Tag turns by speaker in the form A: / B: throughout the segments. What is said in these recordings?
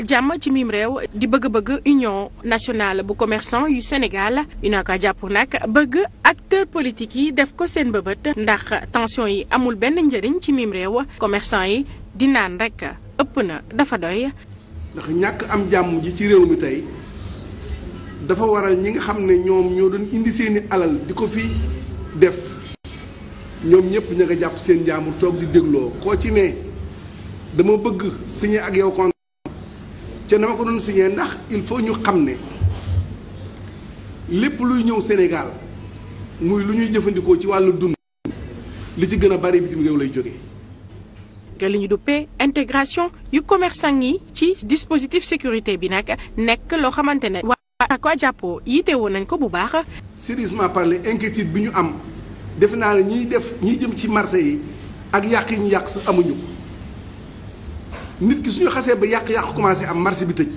A: jàmm ci miim réew di bëgg-bëgg union nationale bu commercant yu Sénégal UNACOIS jàpp nag bëgg acteur politique yi def ko seen bëbët ndax tension yi amul benn njëriñ ci miim réew commerçant yi di naan rek
B: ëpp na dafa doy. ndax ñàkk am jàmm ji ci réew mi tey dafa waral ñi nga xam ne ñoom ñoo doon indi seeni alal di ko fi def ñoom ñëpp ña nga jàpp seen jàmm toog di dégloo koo ci ne dama bëgg signé ak yow contrat ca na ma ko doon signé ndax il faut ñu xam ne lépp luy ñëw Sénégal muy lu ñuy jëfandikoo ci wàllu dund li ci gën a bari bitim réew lay jóge
A: te li ñu duppee intégration yu commerçant yi ci dispositif sécurité bi nag nekk loo xamante ne waa ko jàppoo yite woon nañ ko bu baax.
B: sérieusement parler inquiétude bi ñu am defe naa ne ñiy def ñiy jëm ci marché yi ak yàq yi ñu yàq sax amuñu nit ki suñu xasee ba yàq yàqu commencé am marché bi tëj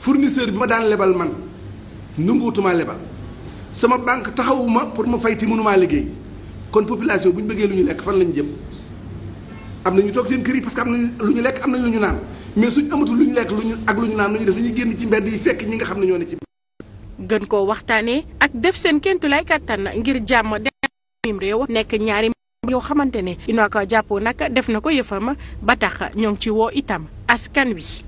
B: fournisseur bi ma daan lebal man nanguutumaa lebal sama banque taxawuma pour ma fey ti mënumaa liggéey kon population bu ñu bëggee lu ñu lekk fan la ñu jëm am na ñu toog seen kër yi parce am nañu lu ñu lekk am na lu ñu naan mais suñ amatul lu ñu lekk lu ñu ak lu ñu naan lu ñu def dañuy génn ci mbedd yi fekk ñi nga xam ne ñoo ne ci. gën koo
A: waxtaanee ak def seen kéemtulaay kàttan ngir jàmm dem réew nekk ñaari. yoo xamante ne ko Jappo nag def na ko yëfam ba tax ñoo ngi ci woo itam askan wi